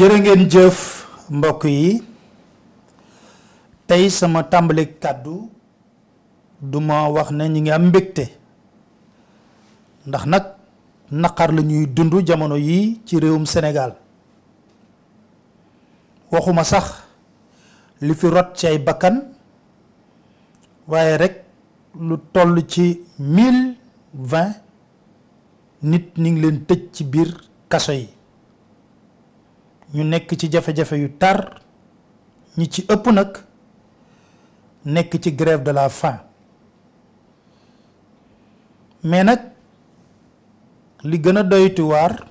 jërë ngeen jëf mbokk yi tey sama tàmbali kàddu duma wax ne ñi ngi am mbégte ndax nag naqar la ñuy dund jamono yi ci réewum sénégal waxuma sax li fi rot ci ay bakkan waaye rek lu toll ci 1020 nit ñi ngi leen tëj ci biir kaso yi ñu nekk ci jafe-jafe yu tar ñi ci ëpp nag nekk ci grève de la faim mais nag li gën a doytu waar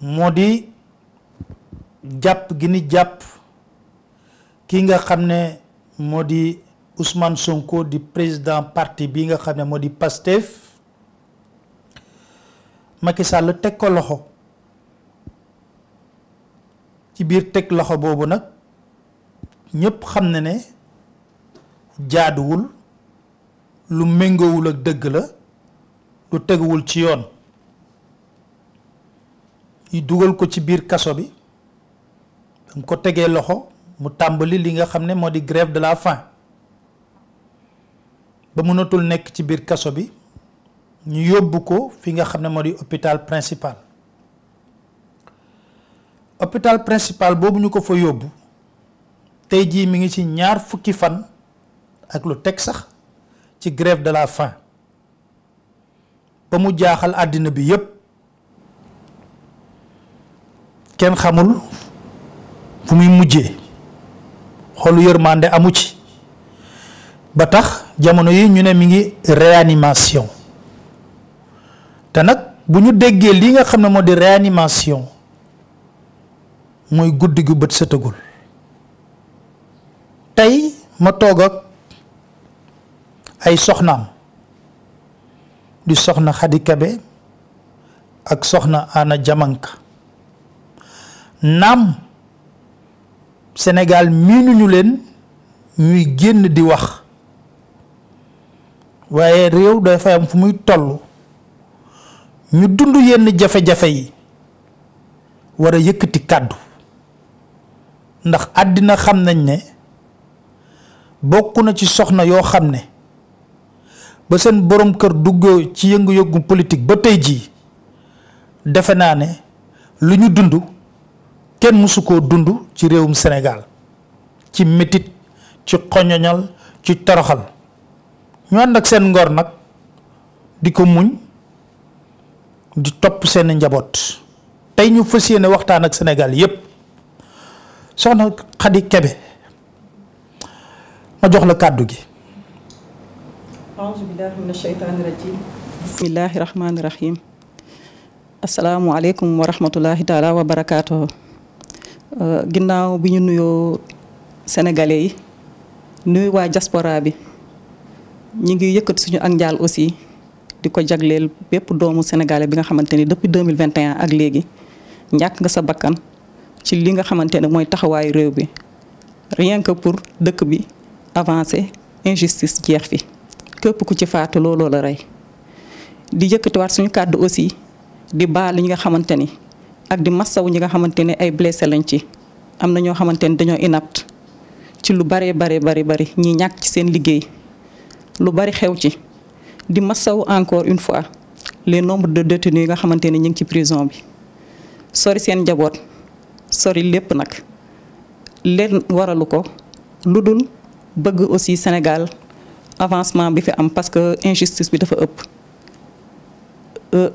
moo di jàpp gi ni jàpp ki nga xam ne di Ousmane Sonko di président parti bi nga xam ne moo di Pastef Macky Sall teg ko loxo ci biir teg loxo boobu nag ñépp xam ne ne jaaduwul lu méngoowul ak dëgg la lu teguwul ci yoon ñu dugal ko ci biir kaso bi dam ko tegee loxo mu tàmbali li nga xam ne moo di grève de la faim ba mënatul nekk ci biir kaso bi ñu yóbbu ko fi nga xam ne moo di hôpital principal hôpital principal boobu ñu ko fa yobbu tay ji mi ngi ci ñaar fukki fan ak lu tek sax ci grève de la faim ba mu jaaxal adina bi yépp kenn xamul fu muy mujjee xolu yërmande amu ci ba tax jamono yi ñu ne mi ngi réanimation te nag bu ñu li nga xam ne di réanimation moy guddi gu beut setagul tay ma toga ay soxnaam di soxna khadi Kébé ak soxna jamanka nam senegal minu ñu len ñuy genn di wax rew réew fay am fu muy yen ñu dundu yenn jafe-jafe yi wara yëkëti kaddu ndax adina xam nañ ne bokku na ci soxna yoo xam ne ba seen borom kër duggee ci yëngu-yëngu politique ba tey jii defe naa ne lu ñu dund kenn musu koo dund ci réewum sénégal ci métit ci xoñoñal ci toroxal ñu ànd ak seen ngor nag di ko muñ di topp seen njaboot tey ñu fas yéene waxtaan ak sénégal yépp soxna xadi kebe ma jox la kàddu gi aousubillahi rajim bismillahi rahmaani rahim wa rahmatullahi taala wa barakaatuhu uh, ginnaaw bi ñu nuyoo sénégalais yi nuyu waa diaspora bi ñi ngi yëkkat suñu ak njaal aussi di ko jagleel bépp doomu sénégalais bi nga xamante ni depuis 2021 ak léegi ñàkk nga sa bakkan ci li nga xamante ne mooy taxawaayu réew bi rien que pour dëkk bi avancé injustice jeex fi képp ku ci faatu looloo la rey di yëkkatiwaat suñu kàddu aussi di baal ñi nga xamante ni ak di massaw ñi nga xamante ne ay blessé lañ ci am na ñoo xamante ni dañoo inapte ci lu bare bare bari bari ñi ñàkk ci seen liggéey lu bari xew ci di massaw encore une fois les nombre de détenus yi nga xamante ne ñu ngi ci prison bi sori seen njaboot sori lépp nag leen waralu ko lu dul bëgg aussi Sénégal avancement bi fi am parce que injustice bi dafa ëpp. Euh,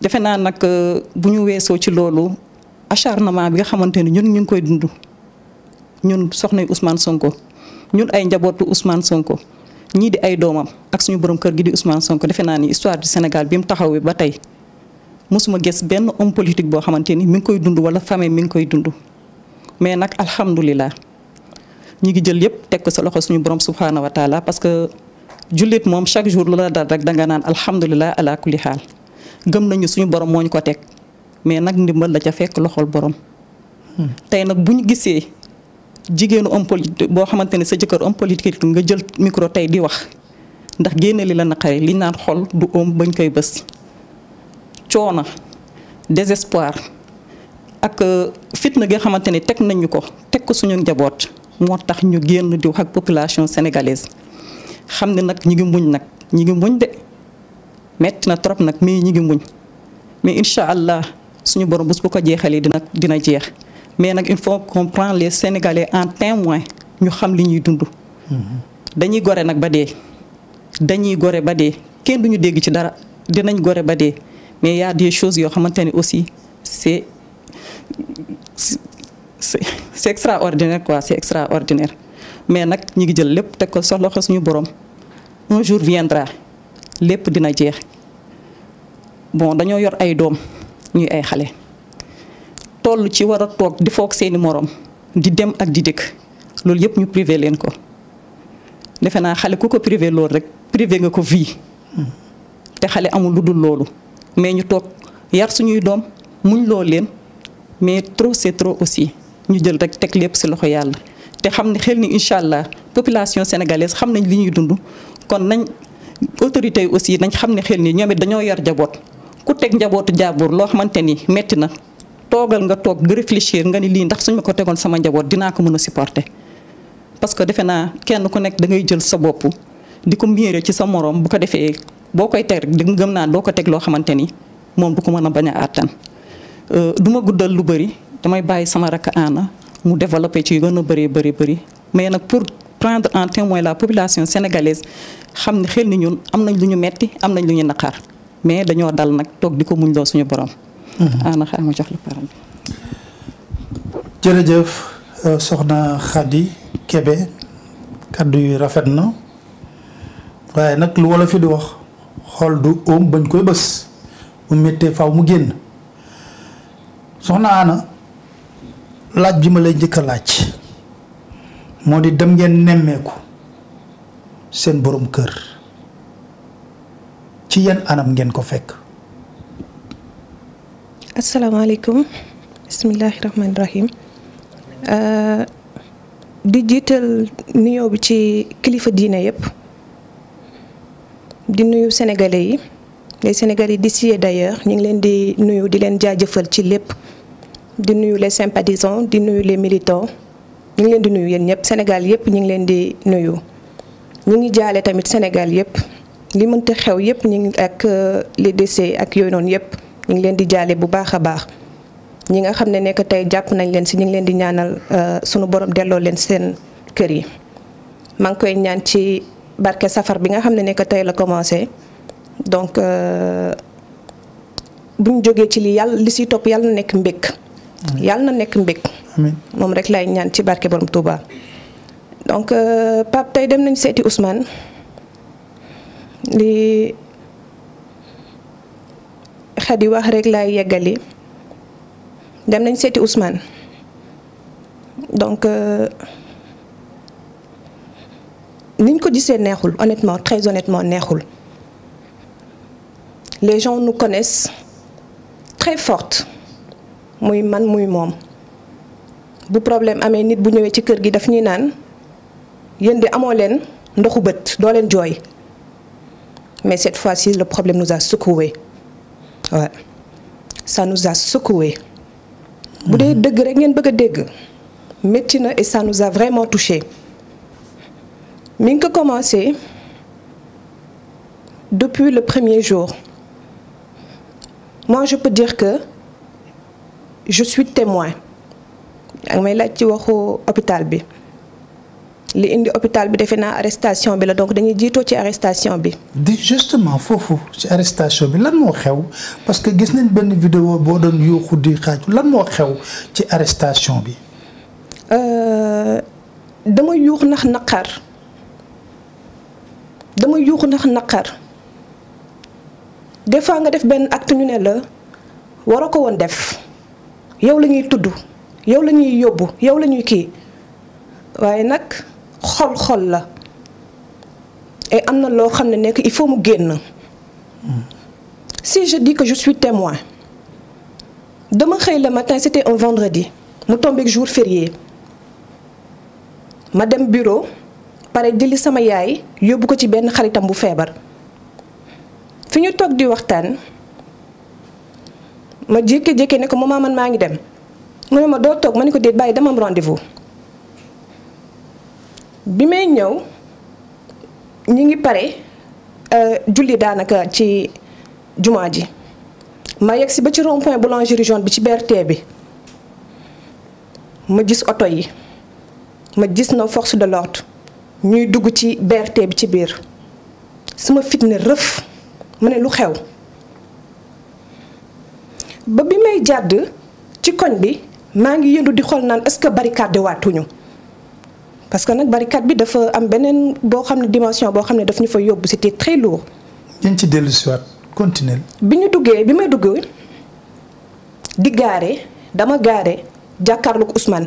defe naa nag euh, bu ñu weesoo ci loolu acharnement bi nga xamante ni ñun ñu ngi koy dund ñun soxna Ousmane Sonko ñun ay njabootu Ousmane Sonko. ñii di ay doomam ak suñu borom kër gi di Ousmane Sonko defe naa ni histoire du Sénégal bi mu taxaw bi ba tey. mosuma gis benn homme politique boo xamante ni mi ngi koy dund wala famille mi ngi koy dund mais nag alhamdulilah ñu ngi jël yëpp teg ko sa loxo suñu borom subhaana wa taala parce que jullit moom chaque jour lu la dal rek danga naan alhamdulilah ala kulli xaal gëm nañu suñu borom moo ñu ko teg mais nag ndimbal la ca fekk loxol borom. tey nag bu ñu gisee jigéenu homme politique boo xamante ne sa jëkkër homme politique nga jël micro tey di wax ndax génne li la naqari li naan xol du oom bañ koy bës. coono désespoir ak euh, fitna gi nga xamante ni teg nañu ko teg ko suñu njaboot moo tax ñu génn diw ak population sénégalaise xam ne nag ñi ngi muñ nag ñi ngi muñ de metti na trop nag mais ñi ngi muñ mais incha allah suñu borom bés bu ko jeexalee dina dina jeex mais nag il faut qu'on prend les sénégalais en témoin ñu xam li ñuy dund. dañuy gore nag ba dee dañuy gore ba dee kenn duñu dégg ci dara dinañ gore ba dee. mais il y a des choses qui ont aussi c'est c'est extraordinaire quoi c'est extraordinaire mais nak ñi ngi jël lepp teg ko soxla ko suñu borom un jour viendra lepp dina jeex bon dañoo yor ay dom ñuy ay xalé toll ci wara tok di fokk seeni morom di dem ak di dekk lool yëpp ñu privé len ko defe naa ku ko privé lool rek privé nga ko vie hmm. te xalé amul luddul loolu mais ñu toog yar suñuy doom muñ loo leen mais trop c'est trop aussi ñu jël rek teg lépp si loxo yàlla te xam ne xel ni incha allah population sénégalaise xam nañ li ñuy dund kon nañ autorités yi aussi nañ xam ne xel ni ñoom it dañoo yar njaboot ku teg njabootu jàmbur loo xamante ni métti na toogal nga toog nga réfléchir nga ni lii ndax suñ ma ko tegoon sama njaboot dinaa ko mën a supporter parce que defe naa kenn ku nekk da ngay jël sa bopp di ko miiré ci sa moroom bu ko defee boo koy teg rek dëgg gëm naa doo ko teg loo xamante ni moom du ko mën a bañ a àttan euh, du ma guddal lu bëri damay bàyyi sama rakk aana mu développé ci yu gën a bëree bëri bëri mais nag pour prendre en témoin la population sénégalaise xam ne xel ni ñun am nañ lu ñu metti am nañ lu ñu naqar mais dañoo dal nag toog di ko muñ loo suñu borom. Mm-hmm. aana xaar ma jox la parole jërëjëf euh, soxna Khady kebe kaddu yu rafet na waaye nag lu wolof fi di wax. xol du om bañ koy bës mu méttee faw mu génn soxna ana laaj bi ma lay njëkk laaj moo di dem ngeen nemmeeku seen borom kër ci yan anam ngeen ko fekk asalaamaaleykum bismillahi rahmaani rahim di jiital nuyoo bi ci kilifa diine yépp di nuyu sénégalais yi les yi d'ici et d'ailleurs ñu ngi leen di nuyu di leen jëfal ci lépp di nuyu les sympathisants di nuyu les militants ñu ngi leen di nuyu yéen ñëpp Sénégal yëpp ñu leen di nuyu. ñu ngi jaale tamit Sénégal yëpp li mënta xew yëpp ñu ngi ak euh, li décès ak yooyu noonu yëpp ñu ngi leen di jaalee bu baax a baax. ñi nga xam ne nekk tey jàpp nañ leen si ñu ngi leen di ñaanal euh, sunu borom delloo leen seen kër yi maa koy ñaan ci. barké safar bi nga xamné ne nekk tey la commencé donc euh ñu joggé ci li yalla li ci top yalla na nekk mbég yàlla na nekk mbég moom rek lay ñaan ci barké borom Touba donc euh, pap tay dem nañ séti Ousmane li xadi wax rek lay yegali dem nañ séti Ousmane donc euh, ni ñu ko gisee neexul honnêtement très honnêtement neexul les gens nous connaissent très forte muy man muy mom. bu problème amé nit bu ñëwé ci kër gi daf ñuy naan yéen de amoo leen ndoxu bët do leen joy. mais cette fois-ci le problème nous a secoué ouais, ça nous a secoué bu dee mhm. dëgg rek ngeen bëgg dégg et ça nous a vraiment touché mi que ko commencé depuis le premier jour moi je peux dire que je suis témoin Mais là tu ci waxu hôpital bi li indi hôpital bi defe arrestation bi la donc dañuy jiitoo ci arrestation bi. justement Fofu, ci arrestation bi lan moo xew parce que gis nañ benn vidéo boo doon yuuxu di xaaju lan moo xew ci arrestation bi. Euh, dama yuux ndax naqar dama yuuxu ndax naqar des fois nga def benn acte ñu ne la waroo ko woon def yow la ñuy tudd yow la ñuy yóbbu yow la ñuy kii waaye nag xol-xol la et am na loo xam ne nekk il faut mu génn si je dis que je suis témoin dama xëy le matin c'était un vendredi mu tombeek jour férié ma dem bureau pare jëli sama yaay yóbbu ko ci benn xaritam bu feebar fi ñu toog di waxtaan ma jékke-jékke ne ko maman man maa ngi dem mu ma doo toog ma ni ko déet bàyyi dama am rendez-vous bi may ñëw ñu ngi pare euh, julli daanaka ci jumaa ji ma yegg si ba ci rond point boulangerie jaune bi ci BRT bi ma gis oto yi ma gis na force de l'ordre ñuy dugg ci BRT bi ci biir sama fitne rëf mu ne lu xew ba bi may jàdd ci koñ bi maa ngi yëndu di xool naan est-ce que barricade waatuñu parce que nag barricade bi dafa am beneen boo xam ne dimension boo xam ne daf ñu fa yóbbu c'était très lourd. dañ ci dellu si bi ñu duggee bi may duggee di gaare dama gaare jàkkaarloog Ousmane.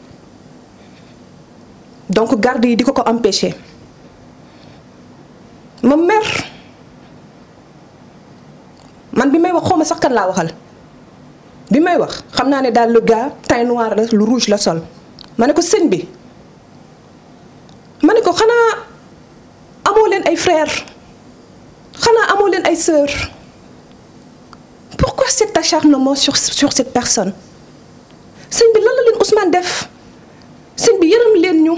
donc garde yi di ko empêcher empêché ma mer man bi may wax xoma sax kan la waxal bi may wax xam ne le gars teint noir la rouge la sol ma ne ko sëñ bi ma ne ko xanaa amoo leen ay frère xanaa amo len ay sœur pourquoi cet acharnement sur sur cette personne seigne bi lan la len Ousmane def seigne bi yërëm len ñu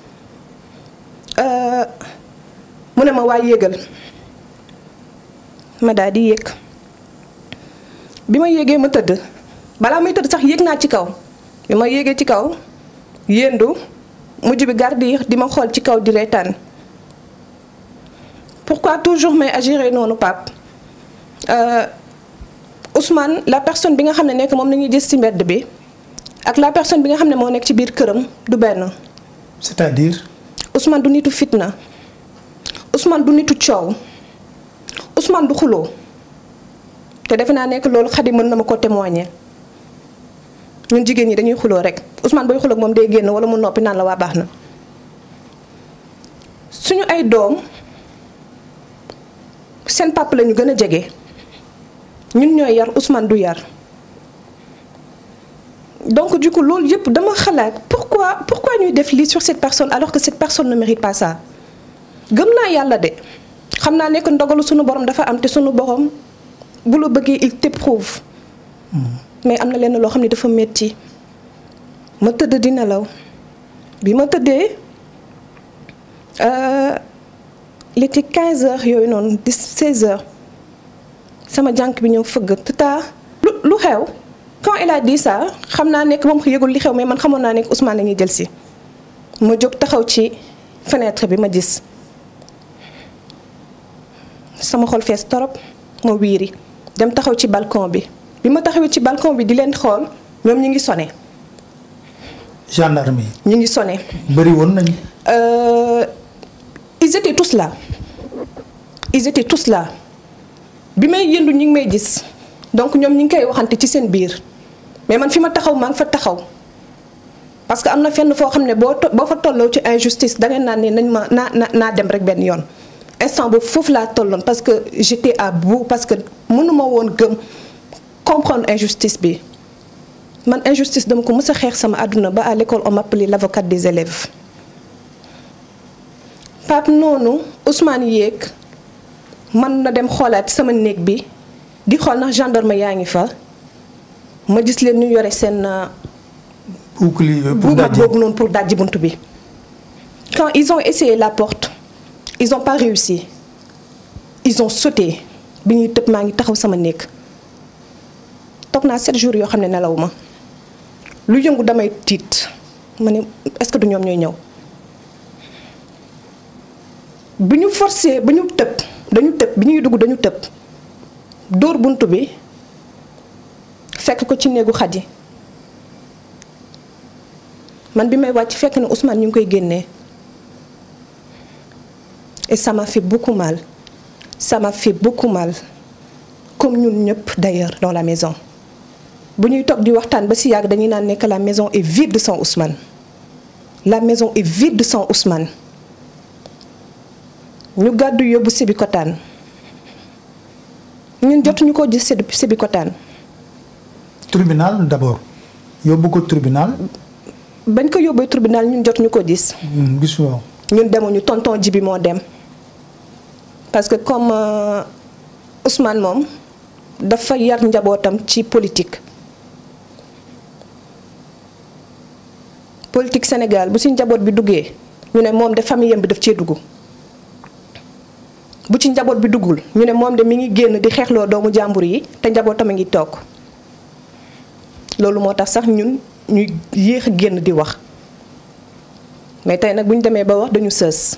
mu ne ma waay yéegal ma daal di yéeg bi ma yéegee ma tëdd balaa may tëdd sax yéeg naa ci kaw bi ma yéegee ci kaw yéendu mujj bi garde di ma xool ci kaw di reetaan pourquoi toujours may agir noonu Pape euh, Ousmane la personne bi nga xam ne nekk moom la ñuy gis ci mbedd bi ak la personne bi nga xam ne moo nekk ci biir këram du benn. c'est-à-dire. Ousmane du nitu fitna. Ousmane du nitu Ousmane du te xadi na mako témoigner ñun jigéen ñi dañuy rek Ousmane booy ak mom day génn wala mu nopi nan la wa baxna suñu ay doom sen papa ñun ñoy yar Ousmane du yar donc du coup yépp dama xalaat pourquoi pourquoi ñuy def sur cette personne alors que cette personne ne mérite pas ça gemna yalla de xamna nek sunu borom dafa am te sunu borom bu il t'éprouve mais amna lenn loo dafa metti ma bi euh, il était 15 heures yoy 16 heures sama m'a bi ñëw feug tata lu xew quand il a dit ça xamna nek mom moom li xew mais Ousmane ma taxaw ci fenêtre bi ma sama xol fees torop ma wiiri dem taxaw ci balkon bi bi ma taxawee ci balcon bi di leen xool ñoom ñu ngi sone gendarme yi. ñu ngi sone bëri woon nañu. Euh, ils étaient tous là ils étaient tous là bi may yëndu ñu ngi may gis donc ñoom ñu ngi koy waxante ci seen biir mais man fi ma taxaw maa ngi fa taxaw parce que am na fenn foo xam ne boo boo fa tolloo ci injustice dangeen naan ne nañ ma naa naa dem rek benn yoon. instant boobu foofu laa parce que j'étais à bout parce que mënuma woon gëm comprendre injustice bi man injustice dama ko mës a xeex sama àdduna ba à l'école on m'appelait l'avocate des élèves Pape noonu Ousmane Yek man na dem xolat sama néeg bi di xol na gendarme yaangi fa ma gis len ñu yoré sen euh, bouclier euh, pour noonu pour dajji bunt bi quand ils ont essayé la porte ils n'ont pas réussi ils ont sauté bi ñuy tëb maa ngi taxaw sama néeg toog naa sept jours yoo xam ne nelaw ma lu yëngu damay tiit ma est-ce que du ñoom ñooy ñëw bi ñu forcé bi ñu dañu tepp biñuy ñuy dugg dañu tepp dóor buntu bi fekk ko ci néegu xaj man bi may wàcc fekk na Ousmane ñu ngi koy génnee et ça m'a fait beaucoup mal. Ça m'a fait beaucoup mal. Comme nous n'yop d'ailleurs dans la maison. si que La maison est vide sans Ousmane. La maison est vide sans Ousmane. ñu gàddu yóbbu Nous ñun dit ko gis tribunal d'abord yóbbu ko tribunal. bañ ko yóbbee tribunal nous avons dit gis. Hmm, gis ñun demuñu tonton ji bi dem parce que comme euh, Ousmane moom dafa yar njabotam ci politique politique Sénégal bu ci njabot bi duggee ñu né mom de famille bi daf cee duggu bu ci njabot bi duggul ñu né mom de mi ngi génn di xeexloo doomu jambour yi te njabotam ngi tok lolu motax sax ñun ñuy yéx génn di wax mais tay nak buñ démé ba wax dañu seuss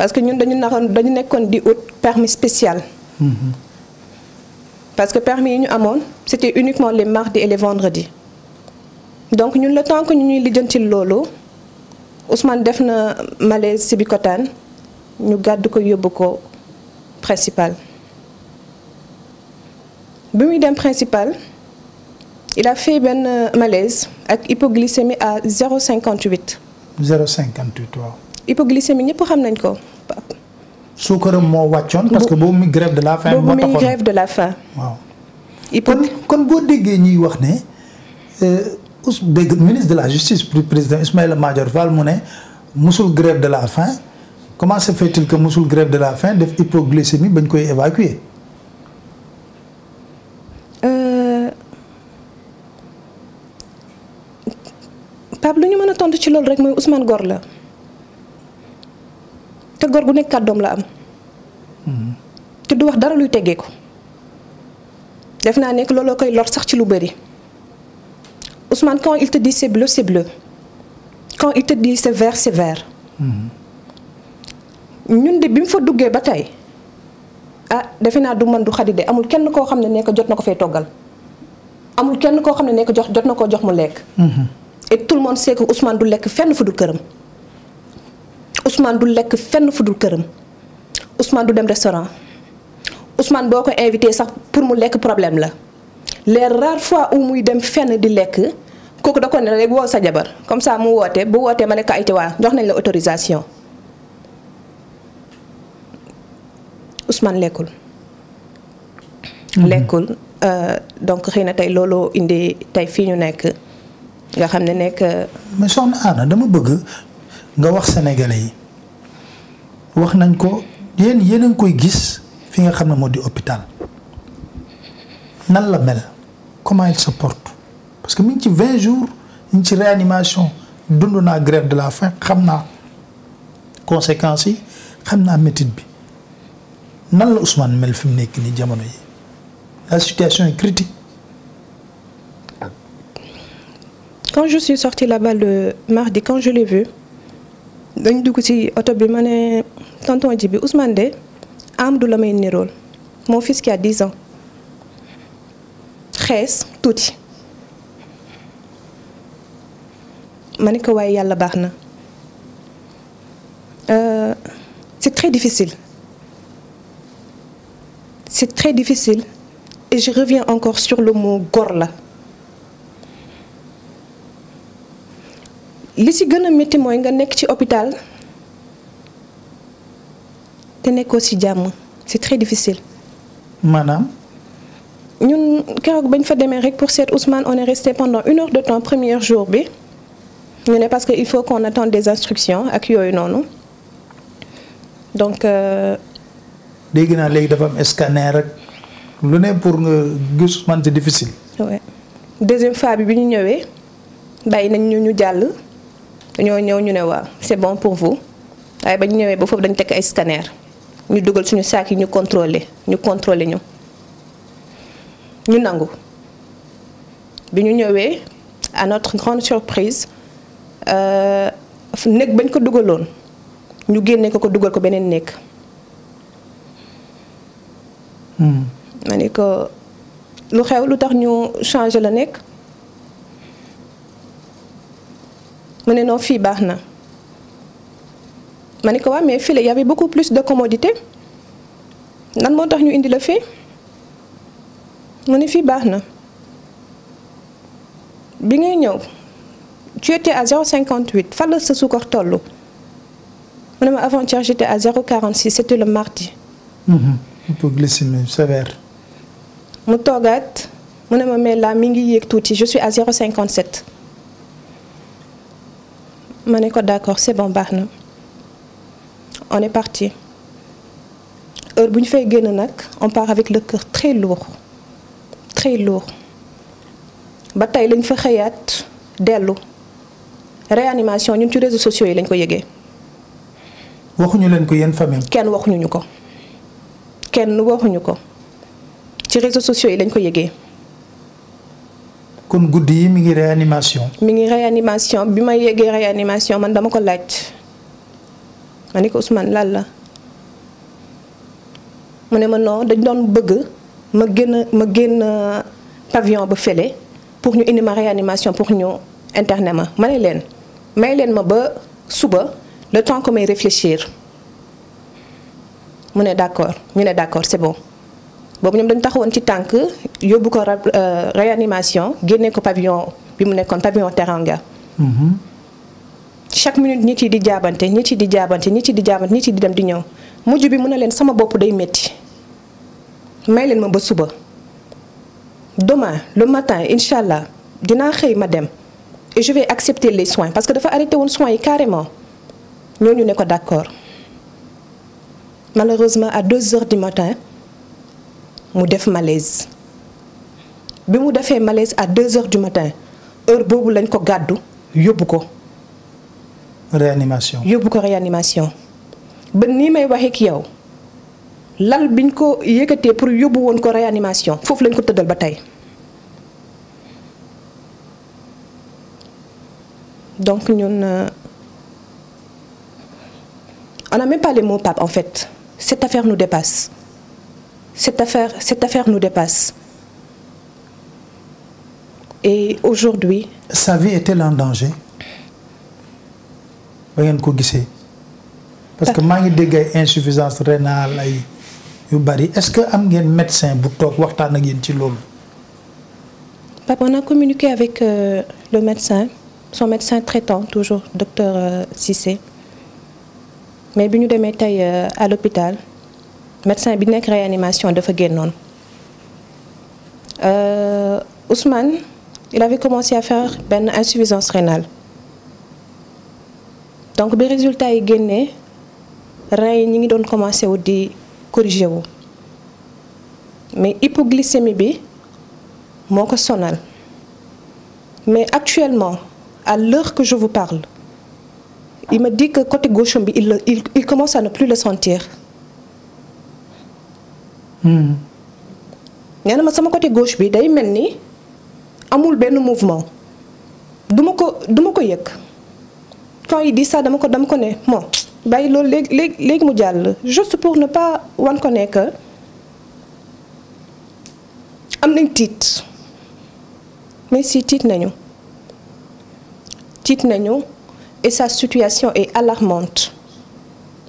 parce que nous avons donné un permis spécial. Mhm. parce que permis c'était uniquement les mardis et les vendredis. donc nous le temps que nous ñuy lijjanti loolu Ousmane def malaise nous ñu gàdd ko principal. Le principal il a fait un malaise avec hypoglycémie à 0,58. 0,58 hypoglycémie ñëpp xam nañ ko. suukaram moo wàccoon. parce que boobu muy grève de la faim. moo taxoon grève de la faim. waaw. kon kon boo déggee ñuy wax ne euh, us dégg ministre de la justice plus président Ismaïla Madior Fall mu ne musul grève de la faim comment se fait-il que musul grève de la faim def hypoglycémie bañ koy évacuer. Euh, Pape lu ñu mën a tontu ci loolu rek mooy Ousmane Gor la. te gor gu nekk kàddoom la am. te du wax dara luy teggee ko. def naa nekk looloo koy lor sax ci lu bëri Ousmane quand il te dit c'est bleu c'est bleu quand il te dit c'est vert c'est vert. ñun de bi mu fa duggee ba tey ah defe naa du man du xadi de amul kenn koo xam ne nekk jot na ko fay toggal amul kenn koo xam ne nekk jox jot na koo jox mu lekk. Mhm. et tout le monde sait que Ousmane du lekk fenn fu dul këram. Ousmane du lek fenn fudul dul Ousmane du dem restaurant Ousmane boko invité sax pour mu lek problème la les rares fois où muy dem fenn di lekk kooku da ko ne rek woo sa jabar comme ça mu woote bu wootee ma ne ko ayte waa jox nañ la autorisation Ousmane lekul mm-hmm. lekul euh donc xëy tay lolo looloo indi tey fii ñu nekk nga xamné nek nekk. Euh, mais soxna Anna dama bëgg nga wax sénégalais yi wax nañ ko yéen yéen a ngi gis fi nga di hôpital nan la mel comment il se porte parce que mi 20 ci jours ñu ci réanimation dund naa grève de la faim xam naa conséquences yi xam naa bi nan la Ousmane mel fi mu nekk nii la situation est critique Quand je suis sortie là-bas le mardi, quand je l'ai vu, dañ dugg ci oto bi ma ne tonton ji bi Ousmane de Amadou la may nirool mon fils qui a 10 ans xees tuuti ma ne ko waaye yàlla baax na euh, c'est très difficile c'est très difficile et je reviens encore sur le mot gorla li ci gëna metti moy nga nekk ci hôpital té nekkoo aussi jamm c'est très difficile. Madame, ñun keroog bañ fa démé rek pour cette Ousmane on est resté pendant une heure de temps premier jour bi ñu né parce que il faut qu'on attende des instructions ak yooyu noonu donc. Euh, dégg na légui dafa am scanner rek lu ne pour nga Ousmane c'est difficile. oui deuxième fois bi bi ñu ñëwé bay nañ ñu ñu jall ñu ne c'est bon pour vous waaye ba ñu ñëwee ba foofu dañu un scanner ñu nous suñu saak yi ñu contrôler ñu contrôler ñu ñu nangu bi ñu à notre grande surprise euh, Nous bañ ko dugaloon ñu génne ko ko dugal ko beneen hmm. ma ne ko lu xew lu tax ñu la mu ne fi fii baax na ko mais fii la y avait beaucoup plus de commodité nan moo tax ñu indi la fii mu fi fii bi ngay ñew tu étais à 0,58 fan la sa suukar toll mu ne ma avant-hier j'étais à 0,46 c'était le mardi. hypoglycémie mhm. sévère. mu togat mu ma mais la mi ngi yek touti je suis à 0,57. Maniko, ko d'accord c'est bon baax on est parti heure buñ fay guen nak on part avec le cœur très lourd très lourd ba tay lañ fa xeyat delu réanimation ñun ci réseaux sociaux yi lañ ko yëgee. waxuñu leen ko yeen famille. kenn waxuñu ñu ko kenn waxuñu ko ci réseaux sociaux yi lañ ko yégué kon goudi mi ngi réanimation. mi ngi réanimation bima réanimation man dama ko lacc la ma non dañ ma ma pavillon ba pour ñu indi réanimation pour ñu interner ma ma ne ma ba suba le temps que may réfléchir mu d'accord ñu né d'accord c'est bon boobu ñoom dañu taxawon ci tank yóbbu ko euh, réanimation guéné ko pavillon bi mu nekkoon pavillon Teranga. Mhm. chaque minute ñi ci di jaabante ñi ci di jaabante ñi ci di jaabante ñi ci di dem di ñew mujj bi mu ne leen sama bop day metti may leen ma ba suba. demain le matin Inshallah, dina xey ma dem et je vais accepter les soins parce que dafa arrêté won soins yi carrément ñu ne ko d'accord malheureusement à deux heures du matin mu def malaise bi mu defé malaise à deux heures du matin heure bobu lañ ko gaddu yóbbu ko. réanimation yóbbu ko réanimation. ba ni may waxee ki yow lal biñ ko yëkkatee pour yóbbu won ko réanimation fofu lañ ko teudal ba tay donc ñun euh, on n'a même pas les mots Pape en fait cette affaire nous dépasse cette affaire, cette affaire nous dépasse. Et aujourd'hui... Sa vie était elle en danger Parce que moi, j'ai insuffisance rénale. Est-ce que y a un médecin pour vous parler de Papa, on a communiqué avec euh, le médecin, son médecin traitant, toujours, docteur Sissé. Euh, Mais nous sommes euh, à l'hôpital médecin bi la réanimation dafa Euh, Ousmane il avait commencé à faire une insuffisance rénale donc les résultats yi génnee rein yi ñi commencé à corriger. mais l'hypoglycémie bi moo sonal mais actuellement à l'heure que je vous parle il me dit que côté gauche bi il il commence à ne plus le sentir Hmm. nee na ma sama côté gauche bi day melni amul ben mouvement Duma ko duma ko quand il dit ça dama ko dama ko ne bon bay loolu leg léegi léegi mu jall juste pour ne pas wan ko ne que am nañ tit. mais si tit nañu Tit nañu et sa situation est alarmante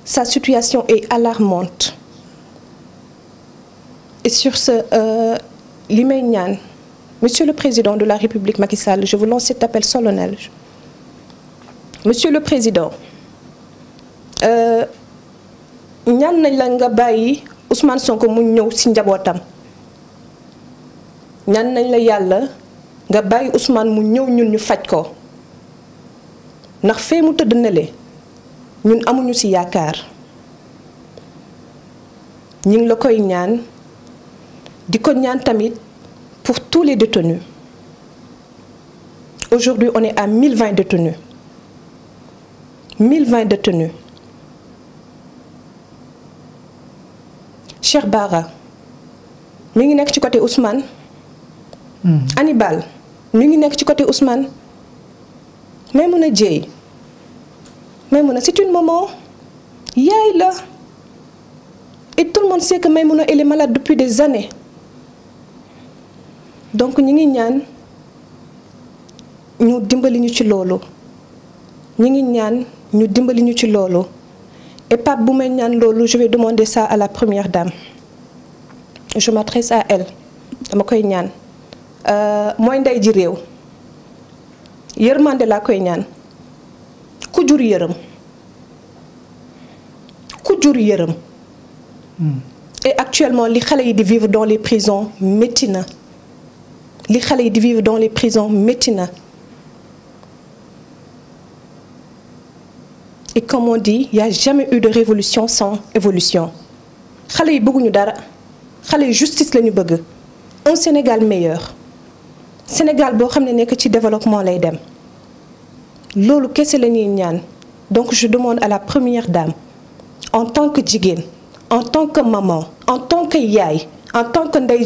sa situation est alarmante et sur ce, euh, l'Imeignan, Monsieur le Président de la République Macky je vous lance cet appel solennel. Monsieur le Président, euh, ñaan nañ bayi nga bàyyi Ousmane Sonko mu ñëw ci njabootam ñaan nañ la yàlla nga bàyyi Ousmane mu ñëw ñun ñu faj ko mu nele ñun amuñu ci du tamit pour tous les détenus aujourd'hui on est à 1020 détenus 1020 détenus Cher Bara mi ngi ci côté Ousmane hmm. Hannibal mi ngi ci côté Ousmane Maimouna Jay. Maimouna c'est une maman Yaye là, et tout le monde sait que Maimouna elle est malade depuis des années donc ñi ngi ñaan ñu dimbali ñu ci loolu ñi ngi ñaan ñu dimbali ñu ci loolu et pas bu may ñaan lolo. je vais demander ça à la première dame je m'adresse à elle dama koy ñaan euh, moy nday ji rew yërmande la koy ñaan ku jur yërëm ku jur yërëm hmm. et actuellement li xalé yi di vivre dans les prisons métti les enfants vivent dans les prisons métti et comme on dit il n'y a jamais eu de révolution sans évolution xale yi bëgguñu dara justice la un Sénégal meilleur Sénégal boo xam ne développement lay dem que kese la donc je demande à la première dame en tant que djigène, en tant que maman en tant que yaye, en tant que ndey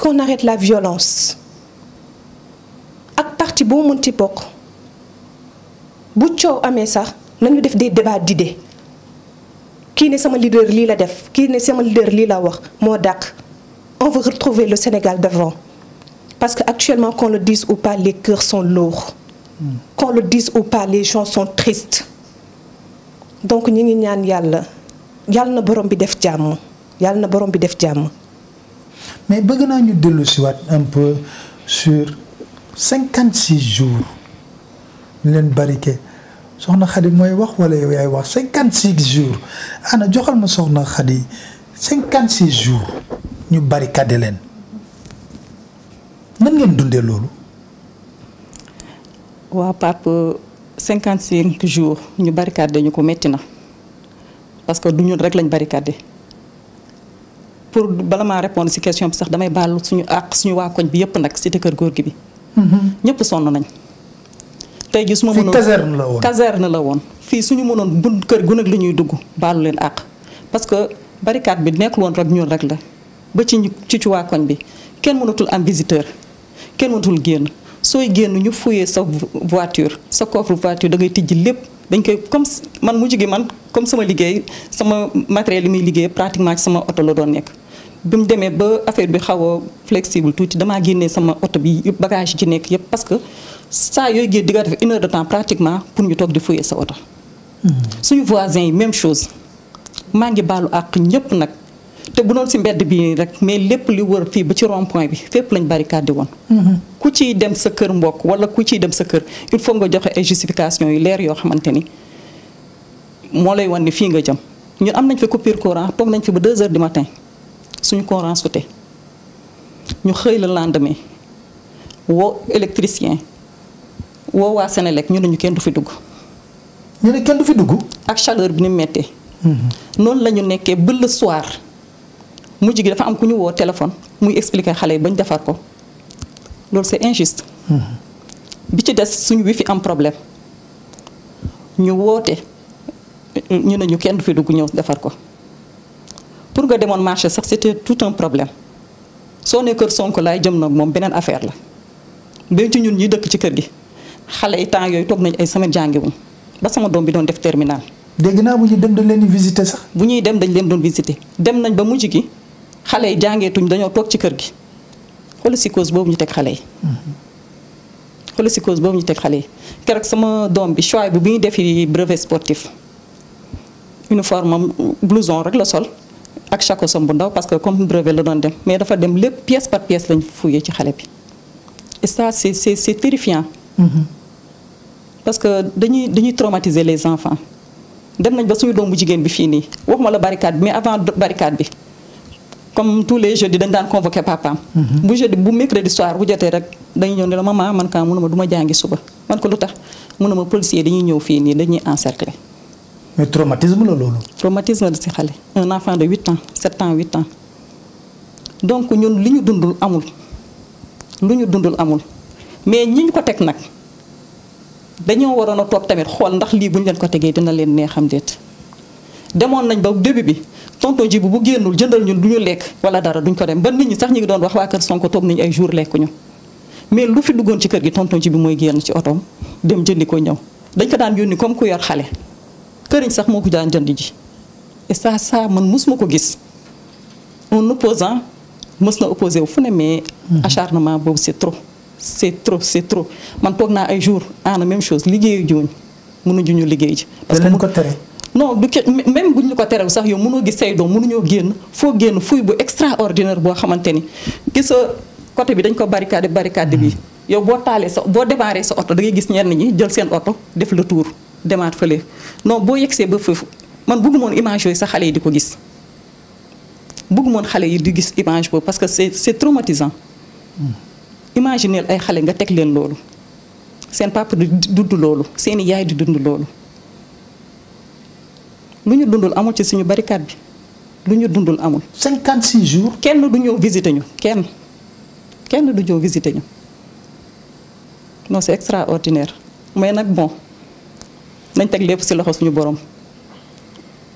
qu'on arrête la violence ak parti de mon bokk bu coow ça, sax def des débats d'idées Qui leader li la def leader on veut retrouver le Sénégal d'avant parce que actuellement qu'on le dise ou pas les cœurs sont lourds hmm. qu'on le dise ou pas les gens sont tristes donc nous allons ñaan y'a yàlla na borom bi def mais je veux nous délouer un peu sur 56 jours. Nous avons barriqué. Nous avons dit que nous avons 56 jours. Nous avons dit que nous de 56 jours. Nous barricade. barriqué. Comment est-ce que nous avons wa papa 56 jours ñu barricade ñu ko metti na parce que duñu rek lañ barricader pour bala maa répondre ci question bi sax damay baalu suñu àq suñu waa koñ bi yëpp nag te kër góor gi bi. Mm-hmm. ñëpp sonn nañ. tey ji su ma mënoon caserne la woon caserne la woon fii suñu mënoon bu kër gu nag la ñuy dugg baalu leen àq parce que barricade bi nekkul woon rek ñun rek la ba ci ci ci waa koñ bi kenn mënatul am visiteur kenn mënatul génn sooy génn ñu fuyee sa voiture sa coffre voiture da ngay tijji lépp dañ koy comme man mu jigi man comme sama liggéey sama matériel yi muy liggéey pratiquement sama oto la doon nekk. bi you ba affaire bi flexible et dama sama bi bagage ci parce que ça une heure de temps pratiquement pour ñu tok sa hmm. suñu voisins même chose ngi ñëpp nak te bu bi mais lépp li wër ci rond point bi fépp lañ barricade hmm. ku ci sa wala ku il faut nga joxe justification lay nga jëm am fi courant nañ fi heures du matin. suñu courant sauté ñu xëy la lendemain woo électricien woo waa Sénélec ñu ne ñu kenn du fi dugg. ñu ne kenn du fi dugg. ak chaleur bi ni mu mm-hmm. noonu la ñu nekkee ba le soir mujj gi dafa am ku ñu woo téléphone muy expliquer xale yi bañ defar ko loolu c'est injuste. Mm-hmm. bi ci des suñu wifi am problème ñu woote ñu ne ñu kenn du fi dugg ñëw defar ko. pour nga demoon marché sax c'était tout un problème Son ne kër Sonko laay jëm nag moom beneen affaire la ben ci ñun ñi dëkk ci kër gi xale yi temps yooyu toog nañ ay semaine wu ba sama dom bi doon def terminal dégg na bu ñuy dem dañ leen visiter sax. bu ñuy dem dañ leen doon visiter dem nañ ba mujj gi xale yi tuñ dañu tok ci kër gi xol si cause boobu ñu tek xalé mhm. xol ci si cause boobu ñu tek xalé yi keroog sama dom bi choix bi bu ñuy defi brevet sportif uniforme blouson rek la sol ak chaque somme bu ndaw parce que comme brevet la doon dem mais dafa dem lépp pièce par pièce lañ fouillé ci xalé bi et ça c'est c'est c'est terrifiant mm-hmm. parce que dañuy dañuy traumatiser les enfants dem nañ ba suñu doom bu jigéen bi fii nii waxuma la barricade bi mais avant barricade bi comme tous les jeudis dañ daan convoquer papa mm-hmm. bu jeudi bu mercredi soir bu jotee rek dañuy ñëw ne la maman man kaa mënuma du ma jàngi suba man ko lu tax mënuma policier dañuy ñëw fii nii dañuy encercler mais traumatisme la loolu. traumatisme la si xale un enfant de huit ans sept ans huit ans donc ñun li ñu dundul amul lu ñu dundul amul mais ñi ñu ko teg nag dañoo waroon a toog tamit xool ndax lii bu ñu leen ko tegee dina leen nee xam déet demoon nañ ba début bi tonton ji bu bu génnul jëndal ñun du ñu lekk wala dara duñ ko dem ba nit ñi sax ñu ngi doon wax waa kër Sonko toog nañu ay jour lekkuñu mais lu fi duggoon ci kër gi tonton ji bi mooy génn ci otoom dem jëndi ko ñëw dañ ko daan yónni comme ku yor xale. këriñ sax moo ko daan jënd ji et ça ça man mosuma ko gis un opposant mës na opposé wu fu ne mais mhm. acharnement boobu c'est trop c'est trop c'est trop man toog naa ay jours ana même chose liggéeyu jiwuñ mënuñu ñu liggéey ji parce que ko teree non du même buñ ñu ko terew sax yow mënoo gis say doom mënuñoo génn foo génn fuy bu extraordinaire boo xamante ni gis côté bi dañ ko barricade barricade bi mhm. yow boo taalee sa boo démarré sa oto da gis ñenn ñi jël seen oto def le tour demaat fële non boo yegsee ba foofu man bëggu moon image yooyu sax xale yi di ko gis bëggu moon xale yi di gis image boobu parce que c'est c'est traumatisant hmm. imagineel ay xale nga teg leen loolu seen papa di dund loolu seeni yaay di dund loolu lu ñu dundul amul ci suñu barricade bi lu ñu dundul amul. 56 jours. kenn du ñëw visiter ñu kenn kenn du ñëw visiter ñu non c'est extraordinaire mais nag bon. dañ teg lépp si loxo suñu borom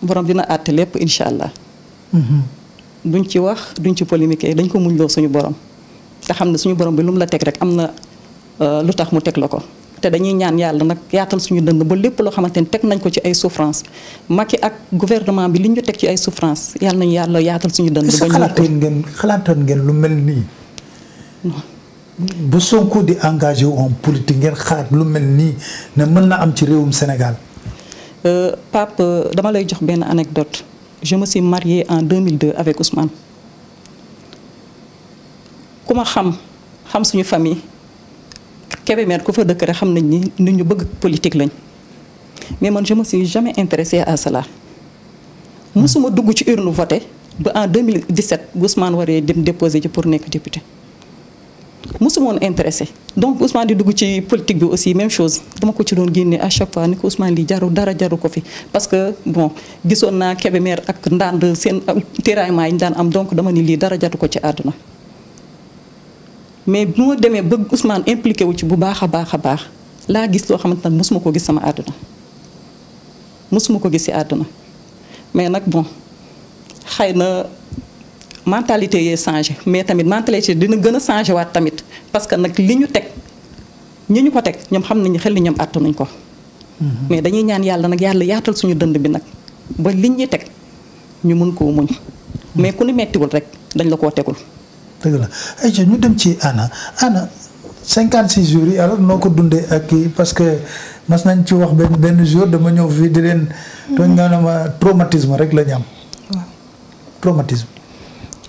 borom dina àtte lépp incha allah. Mhm. duñ ci wax duñ ci polémique dañ ko muñ loo suñu borom te xam ne suñu borom bi lu mu la teg rek am na euh, lu tax mu teg la ko. te dañuy ñaan yàlla nag yaatal suñu dënd ba lépp loo xamante ni teg nañ ko ci ay souffrance Macky ak gouvernement bi li ñu teg ci ay souffrance yàlla nañu yàlla yaatal suñu dënd. ba ñu xalaatoon ngeen xalaatoon ngeen lu mel nii. bu Sonko di engagé en politique ngeen xalaat lu mel nii ne am ci réewum Sénégal. Euh, Pape euh, dama lay jox benn anecdote je me suis mariée en 2002 avec Ousmane ku ma xam xam suñu famille Kébémer ku fa dëkk rek xam nañ ni nit ñu bëgg politique lañ mais man je me suis jamais intéressée à cela. musuma dugg ci urne voté ba en 2017 Ousmane waree dem déposé pour député mosuma woon intéressé donc Ousmane di dugg ci politique bi aussi même chose dama ko ci doon génne à chaque fois ni ko Ousmane lii jaru dara jaru ko fi parce que bon gisoon naa Kébémer ak ndand seen euh, terrain yi ñu am donc dama ni lii dara jaru ko ci àdduna mais bu ma demee Ousmane impliqué wu ci bu baax a baax a baax laa gis loo xamante ne mosuma ko gis sama àdduna mosuma ko gis si mais nag bon xëy mentalité yee changé mais tamit mentalité dina gën a changé waat tamit parce que nag li ñu teg ñi ñu ko teg ñoom xam nañu xel ni ñoom àttanuñ ko. Mm-hmm. mais dañuy ñaan yàlla nag yàlla yaatal suñu dënd bi nag ba liñ ñi teg ñu mun koo muñ. Mm-hmm. mais ku ni mettiwul rek dañ la koo tegul. dëgg la ay ñu dem ci Anna Anna 56 jours yi alors noo ko dundee ak kii parce que mas nañ ci wax benn benn jour dama ñëw fii di leen. tooñ nga ne traumatisme rek la ñu am. traumatisme.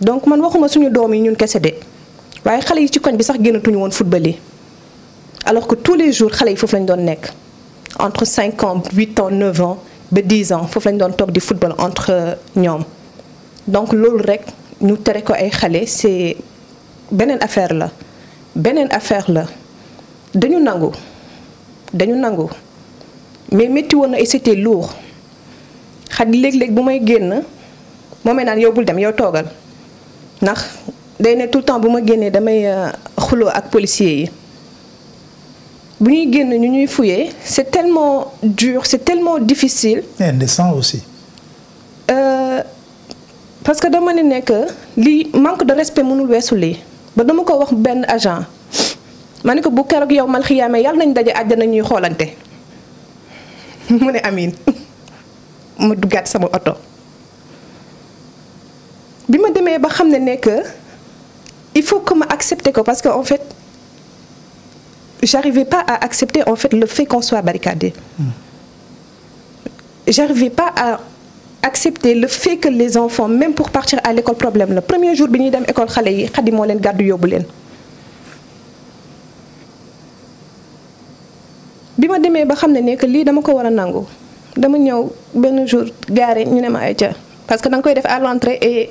donc man waxuma suñu doom yi ñun kese de waaye xale yi ci koñ bi sax génnatuñu woon football alors que tous les jours il yi foofu lañ doon entre 5 ans 8 ans 9 ans 10 ans foofu lañ doon toog di football entre nous. donc ce que nous avons fait, ay c'est une affaire la affaire la dañu nangu dañu nangu mais c'était lourd Si léeg-léeg bu may génn moomee naan yow bul dem yow ndax day ne tout temps bu ma génnee damay euh, xuloo ak policier. yi bu ñuy génn ñu ñuy fouiller c'est tellement dur c'est tellement difficile. et indécent aussi. Euh, parce que dama ne nekk lii manque de respect mënul weesu lii ba dama ko wax benn agent ma ne ko bu keroog yow mal xiyaamee yàlla nañ daje àjjana ñuy xoolante mu ne amiin mu duggaat sama oto bi ma demee ba xam ne que il faut que ma accepter ko parce que en fait j'arrivais pas à accepter en fait le fait qu'on soit barricadé hmm. j'arrivais pas à accepter le fait que les enfants même pour partir à l'école problème Le premier jour bi ñuy dem école xalé yi xadimo len leen gàddu yóbbu bi ma demee ba xam ne ne que lii dama ko war a nangu dama ñëw benn jour garé ñu ne ma ay ca parce que da koy def à l'entrée et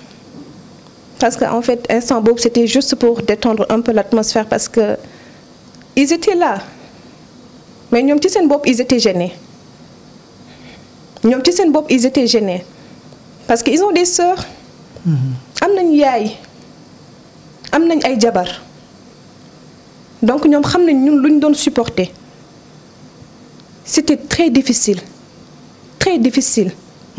parce qu'en fait, un Bob, c'était juste pour détendre un peu l'atmosphère parce qu'ils étaient là. Mais Nyom Bob, ils étaient gênés. Nyom Bob, ils étaient gênés. Parce qu'ils ont des sœurs. Amnan Ils Amnan Ay Djabar. Donc, nous savons que nous devons supporter. C'était très difficile. Très difficile.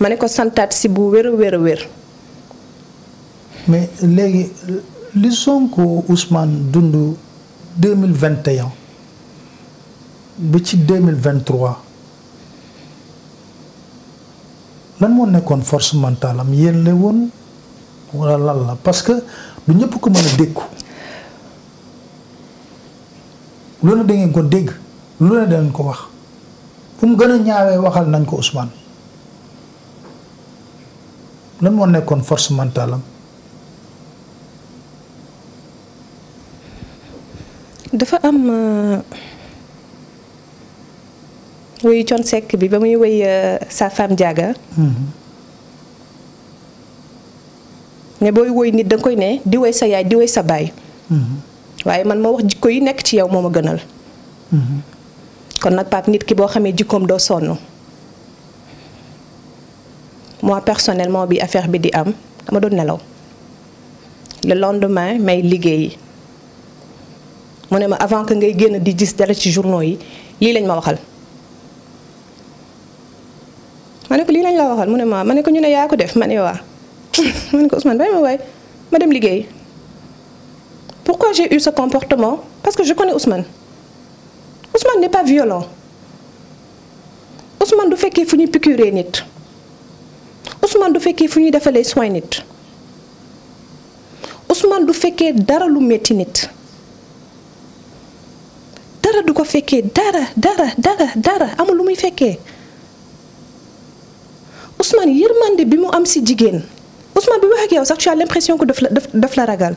ma ne ko santaat si bu wér a wér a wér. mais léegi li Sonko Ousmane dund deux mille vingt et un ci deux mille vingt trois lan moo nekkoon force mentale am yéen la woon wala lan la parce que du ñëpp ko mën a dékku loolu dangeen ko dégg loolu da ko wax fu mu gën a ñaawee waxal nañ ko Ousmane. lan moo nekkoon force mentale am. dafa am euh, wéyu Thione bi ba muy wéy euh, sa femme mm-hmm. ne booy woy nit da koy ne di sa yaay di sa baay. Mm-hmm. waaye man ma wax jikko yi nekk ci yow moo ma gënal. Mm-hmm. kon nag Pape nit ki boo xamee jikkoom doo sonn. moi personnellement bi affaire bi di am dama don le lendemain may liguey avant que ngay di ko li lañ la waxal ko ñu ne ko def Pourquoi j'ai eu ce comportement Parce que je connais Ousmane. Ousmane n'est pas violent. Ousmane ne fait qu'il piquer Ousmane du fekké fuñu ñuy defalee soin nit Ousmane du fekké dara lu metti nit dara du ko fekké dara dara dara dara amul lu muy fekké Ousmane yërmande bi mu am si jigéen Ousmane bi wax ak yow sax tu as l'impression que daf la daf la ragal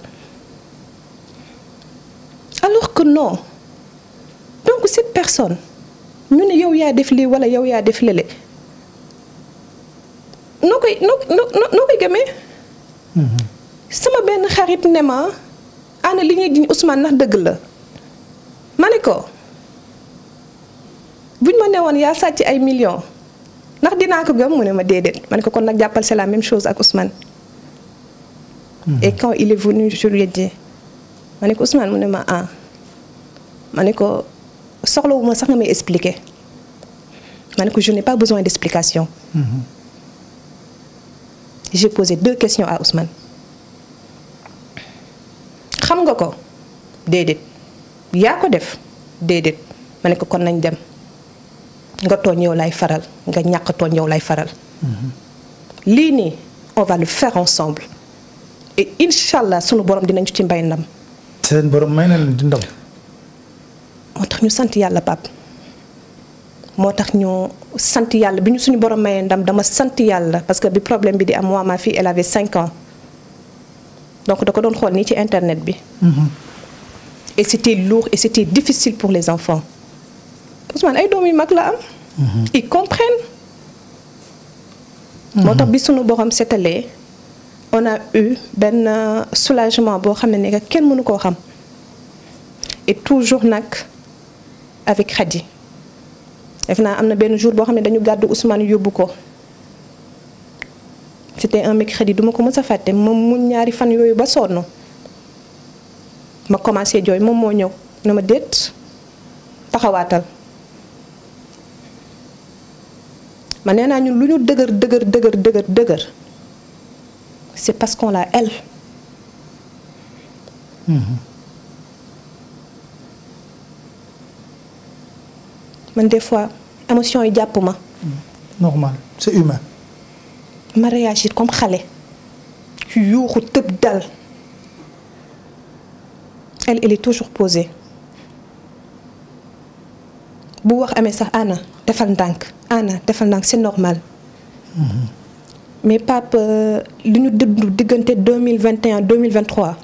alors que non donc cette personne ñu ne yow ya def lii wala yow ya def koy nous, nous, nous, sama nous xarit ana Ousmane la nous buñ ma millions ko ne nous kon dit que la même chose ak Ousmane mhm. et quand il est venu je lui ai dit Maniko, ne Ousmane mu nous ne je n'ai pas besoin d'explication mhm j'ai posé deux questions à Ousmane xam nga ko dedet ya ko def dedet mané ko kon nañ dem nga lay faral nga lay faral mm-hmm. on va le faire ensemble et inshallah, sunu borom dinañ ci mbay ndam. sen borom may Pape motax ñu sante yalla biñu suñu borom maye ndam dama sante yalla parce que bi problème bi di am waa ma fille elle avait 5 ans donc da ko doon xol ni ci internet bi. Mm-hmm. et c'était lourd et c'était difficile pour les enfants Ousmane ay doomi mak la am. Mm-hmm. ils comprennent. Mm-hmm. motax bi suñu borom seetalee on a eu ben soulagement bo xam ne que kenn mënu ko xam et toujours nak avec Khady benn jour Ousmane c'était un mec je ko mës je fàtte mu ñaari fan yooyu ba pas ma commencé na suis pas ñun c'est parce qu'on la elle. Mm-hmm. des fois émotion yi pour moi. normal c'est humain. ma réagir comme xale. yuuxu tëb dal. elle elle est toujours posée. bu wax amee sax ana defal ndànk ana defal ndànk c'est normal. Mm-hmm. mais papa, euh, li ñu dund diggante deux mille vingt et un deux mille vingt trois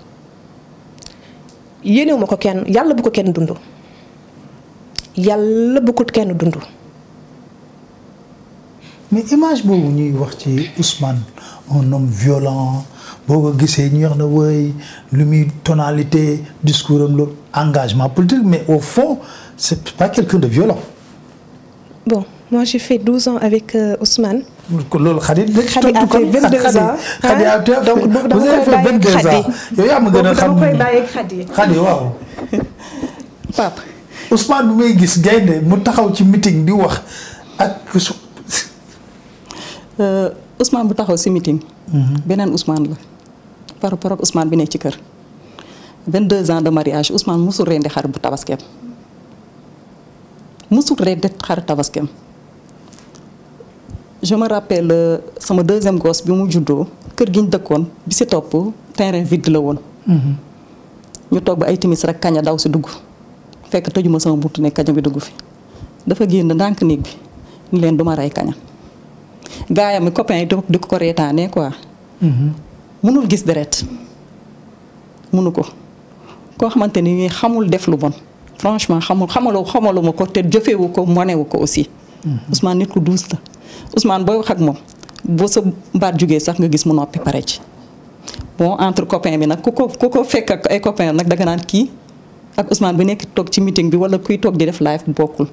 kenn yalla bu ko kenn dundou yalla bëggut kenn dund. mais image boobu ñuy wax ci Ousmane un homme violent boo ko ñu wax na lu tonalité discours un engagement politique mais au fond c'est pas quelqu'un de violent. bon moi j'ai fait 12 ans avec euh, Ousmane. Vous khadid da ci 22 ans. Hein? fait 22 ans donc vous avez fait 22 ans yow yaa ma xam khadid waaw. Ousmane bi may gis gaynde mu taxaw ci meeting di wax ak. Euh, Ousmane bu taxaw si meeting. Mhm. beneen Ousmane la par rapport ak bi nekk ci kër. 22 ans de mariage Ousmane musul rendi xar bu tabaskeem musul rendi xar tabaskeem je me rappelle euh, sama deuxième gosse bi mu juddoo kër gi ñu dëkkoon bi si topp terrain vide la woon. Mhm. ñu toog ba ay timis rek kaña daw si dugg. fekk tëjuma sama buntu ne kaña bi dugg fi dafa génn ndànk néeg bi ni leen duma rey kaña gaayam yi copain yi di ko ko reetaane quoi mënul mhm. gis deret mënu ko koo xamante ni xamul def lu bon franchement xamul xamalu xamaluma ko te jëfewu ko monewu ko aussi mhm. Ousmane nit ku duus la Ousmane booy wax ak moom boo sa mbaat jógee sax nga gis mu noppi pare ci bon entre copain bi nag ku ko ku ko fekk ay copain nag danga naan kii ak Ousmane bi nekk toog ci meeting bi wala kuy toog di def live bokkul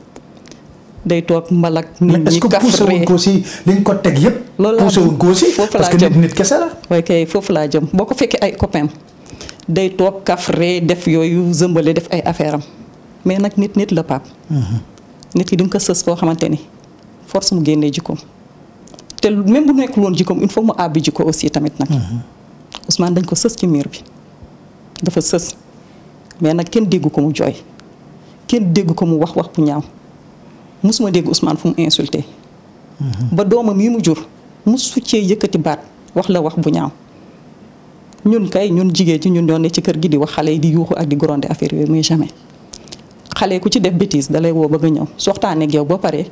day toog mbalak nit ñi kafree ko si liñ ko teg yëpp. loolu laa foofu laa jëm boo ko fekkee ay copain day toog kafree def yooyu sëmbale def ay affaire am mais nag nit nit la Pape. Mhm. nit ki di ko sës foo xamante ni force mu génnee jikkoom te même bu nekkul woon jikkoom il faut mu àbbi jikko aussi tamit nag. Mhm. Ousmane dañ ko sës ci miir bi dafa sës. mais nag kenn dégg ko mu jooy kenn dégg ko mu wax wax bu ñaaw musuma dégg Ousmane fu mu insulté. Mhm. ba doomam yi mu jur musu cee yëkkati baat wax la wax bu ñaaw. ñun kay ñun jigéen ci ñun ñoo ne ci kër gi di wax xale yi di yuuxu ak di gronder affaire yooyu muy jamais xale ku ci def bêtise dalay woo bëgg a ñëw soxtaane ak yow ba pare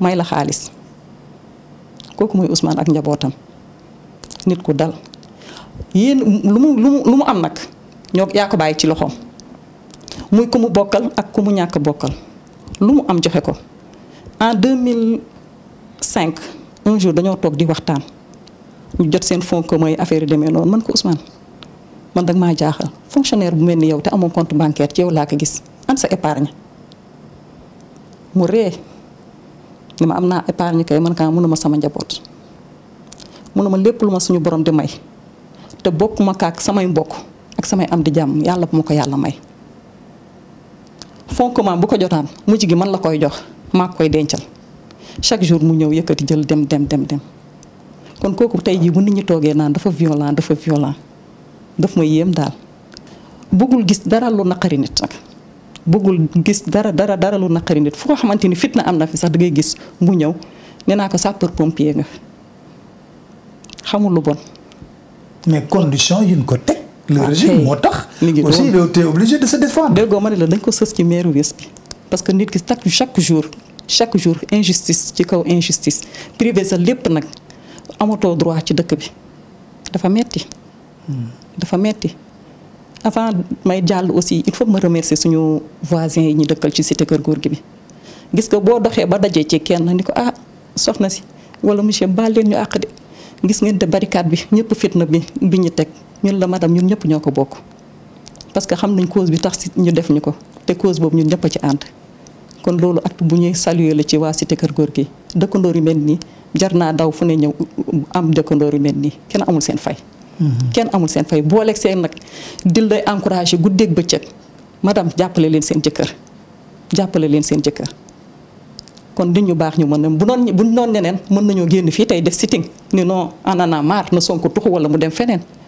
may la xaalis kooku mooy Ousmane ak njabootam nit ku dal yéen lu mu lu mu lu mu am nag ñoo yaa ko bàyyi ci loxoom. muy ku mu bokkal ak ku mu ñàkk bokkal lu mu am joxe ko en 2005 un jour dañoo toog di waxtaan ñu jot seen fonds commun yi affaire demee noonu man ko Ousmane man dag maa jaaxal fonctionnaire bu mel ni yow te amoo compte bancaire ci yow laa ko gis an sa épargne mu ree ni ma am naa épargne kay man kaa mënuma sama njaboot mënuma lépp lu ma suñu borom di may te bokkuma kaak samay mbokk ak samay am di jàmm yàlla bu ma ko yàlla may fonds commun bu ko jotaan mu gi man la koy jox maa koy dencal chaque jour mu ñëw yëkkati jël dem dem dem dem kon kooku tey jii bu nit ñi toogee naan dafa violent dafa violent daf ma yéem daal bëggul gis dara lu naqari nit nag bëggul gis dara dara dara lu naqari nit fu ko xamante ni fitna am na fi sax da gis mu ñëw nee naa ko sapeur pompier nga xamul lu bon. mais condition yi ñu ko teg. le régime motax aussi tu es obligé de se défendre. déggoo ma ne la dañ ko sës ci meeru bi parce que nit ki chaque chaque jour chaque jour injustice ci kaw injustice privé sa lépp nag amatoo droit ci dëkk bi dafa metti dafa metti avant may jàll aussi il faut me remercier suñu voisins yi ñu dëkkal ci cité kër góor gi bi gis nga boo doxee ba dajé ci kenn ni ko ah soxna si wala monsieur baal ñu àq de gis ngeen de barricade bi ñëpp fitna bi bi ñu teg. ñun la madame ñun ñëpp ñoo ko bokk parce que xam nañ cause bi tax si ñu def ñu ko te cause boobu ñun ñëpp ci ànd kon loolu acte bu ñuy saluer la ci waa cité kër góor gi dëkkandoor yu mel nii jar naa daw fu ne ñëw am dëkkandoor yu mel nii kenn amul seen fay. Mhm. kenn amul seen fay booleeg seen nag dil lay encouragé guddeeg bëccëg madame jàppale leen seen jëkkër jàppale leen seen jëkkër. kon nit ñu baax ñu mën na bu doon bu doon neneen mën nañoo génn fii tey def sitting ni non en a na Sonko tuxu wala mu dem feneen.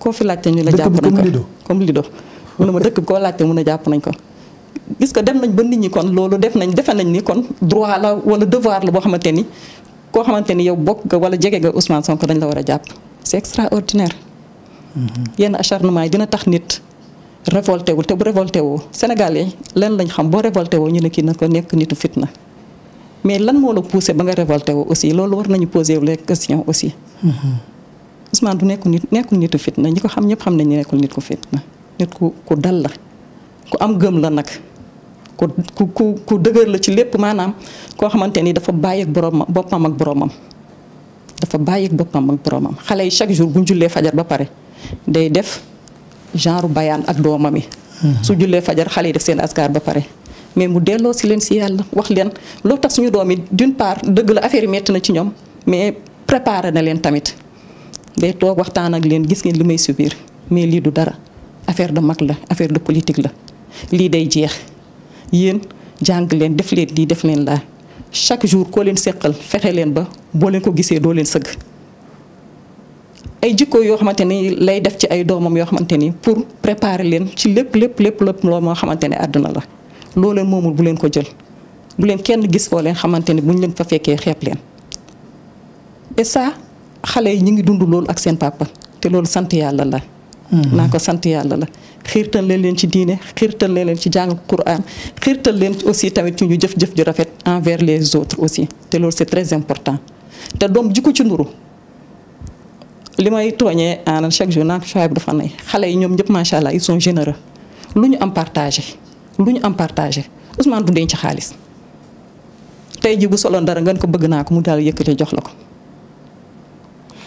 koo fi laajte ñu la jàpp nañ ko comme Lido mu ne ma dëkk bi koo laajte mu ne jàpp nañ ko gis que dem nañ ba nit ñi kon loolu def nañ defe nañ ni kon droit la wala devoir la boo xamante ni koo xamante ni yow bokk nga wala jege nga Ousmane Sonko dañ la war a jàpp c'est extraordinaire mm-hmm. yenn acharnement yi dina tax nit révolté wu te bu révolté sénégal Sénégalais leen lañ xam boo révolté woo ñu ne kii na ko nekk nitu fitna mais lan moo la poussé ba nga révolté woo aussi loolu war nañu poser les questions aussi mm-hmm. Ousmane du nekkul nit nekkul nitu fitna ñi ko xam ñëpp xam nañ ne nekkul nit ku fitna nit ku ku dal la ku am gëm la nag ku ku ku dëgër la ci lépp maanaam koo xamante ni dafa bàyyi ak borom boppam ak boromam. dafa bàyyi ak boppam ak boromam xale yi chaque jour bu ñu jullee fajar ba pare day def genre bayaan ak doomam yi. Mhm. su jullee fajar xale yi def seen askar ba pare. mais mu delloo si leen si yàlla wax leen loo tax suñu doom yi d'une part dëgg la affaire yi métti na ci ñoom mais préparé na leen tamit. day toog waxtaan ak leen gis ngeen li may subir mais lii du dara affaire de mag la affaire de politique la lii day jeex yéen jàng leen def leen lii def leen laa chaque jour koo leen seqal fexe leen ba boo leen ko gisee doo leen sëgg ay jikko yoo xamante ni lay def ci ay doomam yoo xamante ni pour préparer leen ci lépp lépp lépp lépp moo xamante ne àdduna la loo leen moomul bu leen ko jël bu leen kenn gis foo leen xamante ni buñ leen fa fekkee xeeb leen xale yi ñu ngi dund loolu ak seen papa te loolu sant yàlla la. Mhm. naa ko sant yàlla la xiirtal leen leen ci diine xiirtal leen leen ci jàng Quran xiirtal leen aussi tamit ci ñu jëf jëf ju rafet envers les autres aussi te loolu c'est très important te doom jikko ci nduru li may tooñee aana chaque jour naa ko dafa xale yi ñoom ñëpp macha allah ils sont généreux lu ñu am partagé lu ñu am partagé Ousmane du ci xaalis tey ji bu soloon dara ngeen ko bëgg naa ko mu daal yëkkati jox la ko.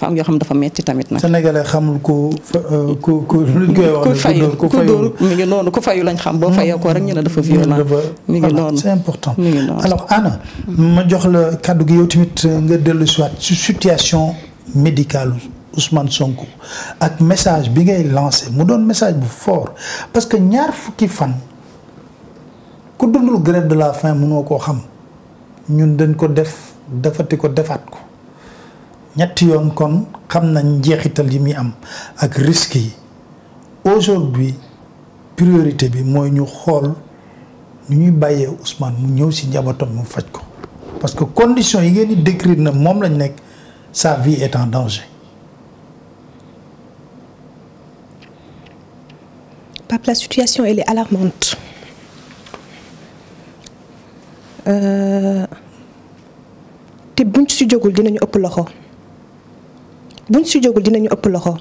dafa am xam dafa metti tamit nag. sénégalais xamul ko euh, ko ko luñ koy wax. ko fayu ko dóor mi ngi noonu ko fayu lañ xam bo fayoo ko rek ñu ne dafa violent mi ngi noonu c'est important mi ngi noonu alors ana ma jox le cadeau gi yow tamit nga delu ci wat ci situation médicale Ousmane Sonko ak message bi ngay lancé mu doon message bu fort parce que ñaar fukki fan ku dundul grève de la faim mënoo koo xam ñun dañ ko def defati ko defaat ko ñetti yoon kon xam nañ am aujourd'hui priorité bi mooy ñu xool ñuy bàyyee parce que condition yi ngeen di décrire na lañ sa vie est en danger. Pape la situation elle est alarmante. Euh, buñ si jógul dinañu ëpp loxo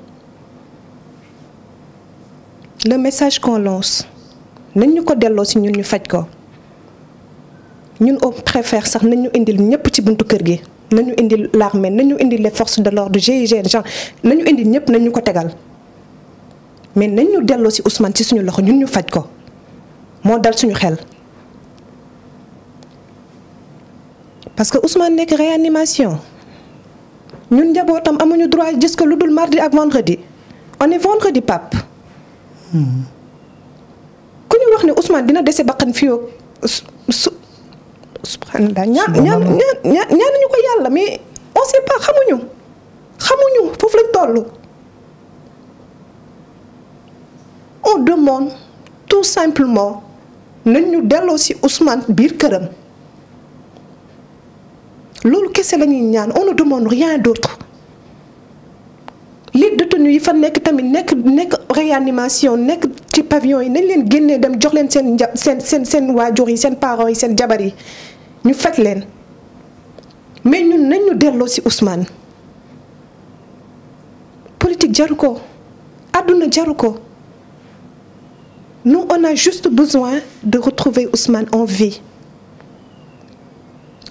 le message qu'on lance nañ ñu ko delloo si ñun ñu faj ko ñun on préfère sax nañ ñu indil ñëpp ci buntu kër gi nañu indil l'armée nañu indil les forces de l'ordre GIGN genre nañu indil ñëpp nañ ñu ko tegal mais nañ ñu delloo si Ousmane ci suñu loxo ñun ñu faj ko moo dal suñu xel. parce que Ousmane nekk réanimation nous avons le droit jusqu'au dire mardi le vendredi on est vendredi Pape. Quand on wax Ousmane dina ne sait pas, on ne subhanallah pas. On ne mais on sait pas on demande tout simplement nous. nous ci Ousmane Bir loolu kese la ñuy ñaan on ne demande rien d'autre li détenu yi fa nekk tamit nekk nekk réanimation nekk ci pavillon yi nañ leen génnee dem jox leen seen seen seen seen waajur yi seen parents yi seen jabar yi ñu faj leen mais ñun nañ nous delloo ci Ousmane politique jaruko. Aduna, jaruko. nous on a juste besoin de retrouver Ousmane en vie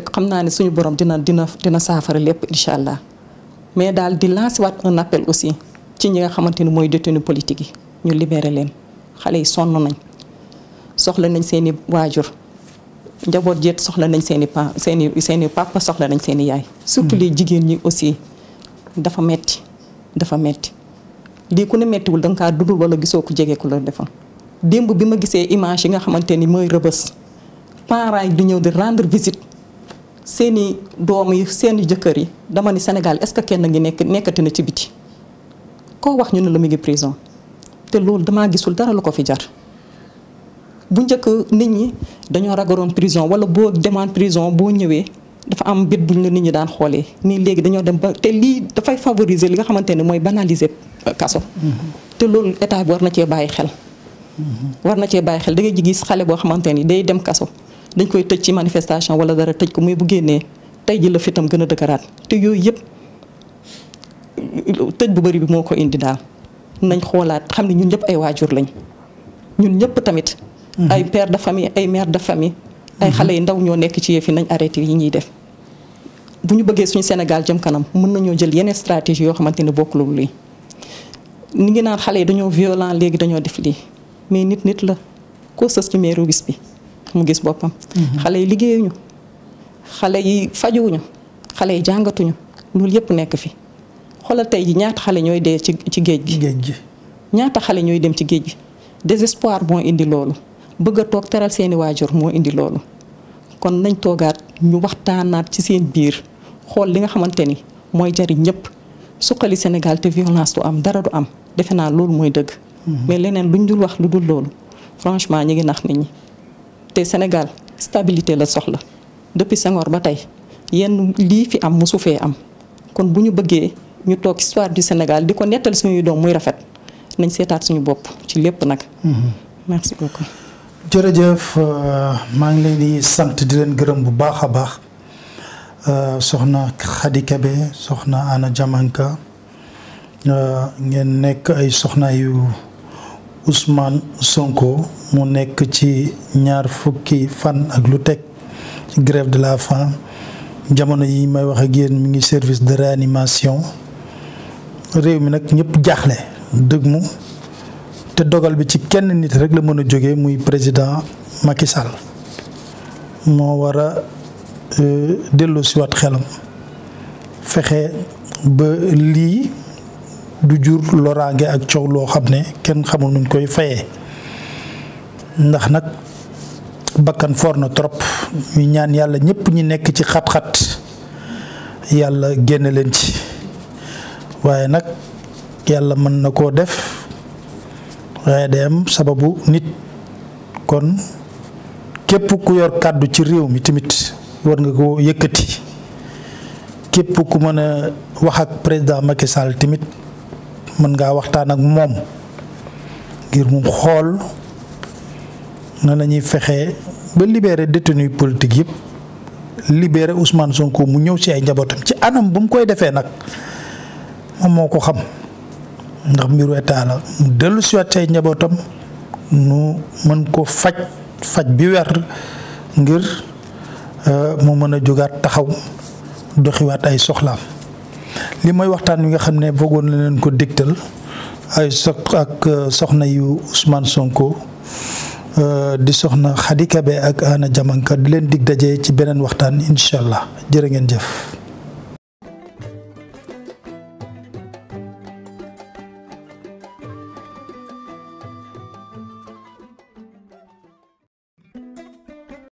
te xam naa ne suñu borom dina dina dina saafara lépp incha allah mais daal di lancer waat un appel aussi ci ñi nga xamante ni mooy détenu politique yi ñu libéré leen xale yi sonn nañ soxla nañ seen i waajur njaboot jeet soxla nañ seen i pa seen i seen i papa soxla nañ seen i yaay. surtout hmm. les jigéen ñi aussi dafa metti dafa metti lii ku ne mettiwul da nga kaa dundul wala gisoo ku jege ku la defal démb bi ma gisee image yi nga xamante ni mooy rëbës parents seeni doom yi seeni jëkkër yi dama ni Sénégal est-ce que kenn ngi nekk nekkati na ci biti koo wax ñu ne la mu ngi prison te loolu damaa gisul dara lu ko fi jar bu njëkk nit ñi dañoo ragaloon prison wala boo demande boo ñëwee dafa am bit buñ la nit ñi daan xoolee nii léegi dañoo dem ba te lii dafay favoriser li nga xamante ne mooy banaliser euh, kaso mm-hmm. te loolu état bi war na cee bàyyi xel mm-hmm. war na cee bàyyi xel da ngay gis xale boo xamante ni day dem kaso dañ koy tëj ci manifestation wala dara tëj ko muy bu génnee tey ji la fitam gën a dëkkaraat te yooyu yëpp tëj bu bëri bi moo ko indi daal nañ xoolaat xam ne ñun ñëpp ay waajur lañ ñun ñëpp tamit. Mhm. ay père de famille ay mère de famille. ay xale yu ndaw ñoo nekk ci yëf yi nañ arrêté yi ñuy def bu ñu bëggee suñu Sénégal jëm kanam mën nañoo jël yeneen stratégie yoo xamante ne bokkul lii. ni ngi naan xale yi dañoo violent léegi dañoo def lii mais nit nit la koo sës ci bi. mu gis boppam. Mhm. xale yi liggéeyuñu xale yi fajuwuñu xale yi jàngatuñu loolu yëpp nekk fi xoolal tey ji ñaata xale ñooy dee ci ci géej gi. géej gi ñaata xale ñooy dem ci géej gi désespoir moo indi loolu bëgg a toog teral seeni waajur moo indi loolu kon nañ toogaat ñu waxtaanaat ci seen biir xool li nga xamante ni mooy jariñ ñëpp suqali Sénégal te violence du am dara du am defe naa loolu mooy dëgg. Mhm. mais leneen luñ dul wax lu dul loolu franchement ñi ngi nax nit ñi. Senegal Sénégal stabilité la soxla depuis sangor ba tay yenn li fi am musu fe am kon buñu bëggé ñu tok histoire du Sénégal di netal suñu doom muy rafet nañ sétat suñu bop ci lépp hmm merci beaucoup. jërëjëf euh, ma ngi lay di sante di leen gërëm bu baaxa baax euh, soxna Khady Kébé soxna ana jamanka euh, ngeen nek ay soxna yu. Ousmane Sonko mu nekk ci ñaar fukki fan ak lu teg grève de la faim jamono yi may wax ak yeen mi ngi service de réanimation réew mi nak ñëpp jaxlé deug mu té dogal bi ci kenn nit rek la mëna joggé muy président Macky Sall wara euh déllu ci wat xélam fexé ba li du jur loraange ak coow loo xam ne kenn xamul nuñ koy fayee ndax nag bakkan foor na trop ñu ñaan yàlla ñëpp ñi nekk ci xat-xat yàlla génn leen ci waaye nag yàlla mën na koo def waaye day am sababu nit kon képp ku yor kàddu ci réew mi tamit war nga ko yëkkati képp ku mën a wax ak président Macky Sall man nga waxtaan ak mom ngir mu xol na lañuy fexé ba libérer détenu politique yépp libérer Ousmane Sonko mu ñëw ci ay njabotam ci anam bu mu koy défé nak mom moko xam ndax miru état la mu ay njabotam nu mën ko fat fajj bi wér ngir euh, mu mëna jogat taxaw doxiwat ay soxlaam li mooy waxtaan wi nga xam ne bëggoon na leen ko dégtal ay so ak euh, soxna yu Ousmane Sonko euh, di soxna Khady Kébé ak Anna Diamanka di leen dig daje ci beneen waxtaan incha allah jërë ngeen jëf.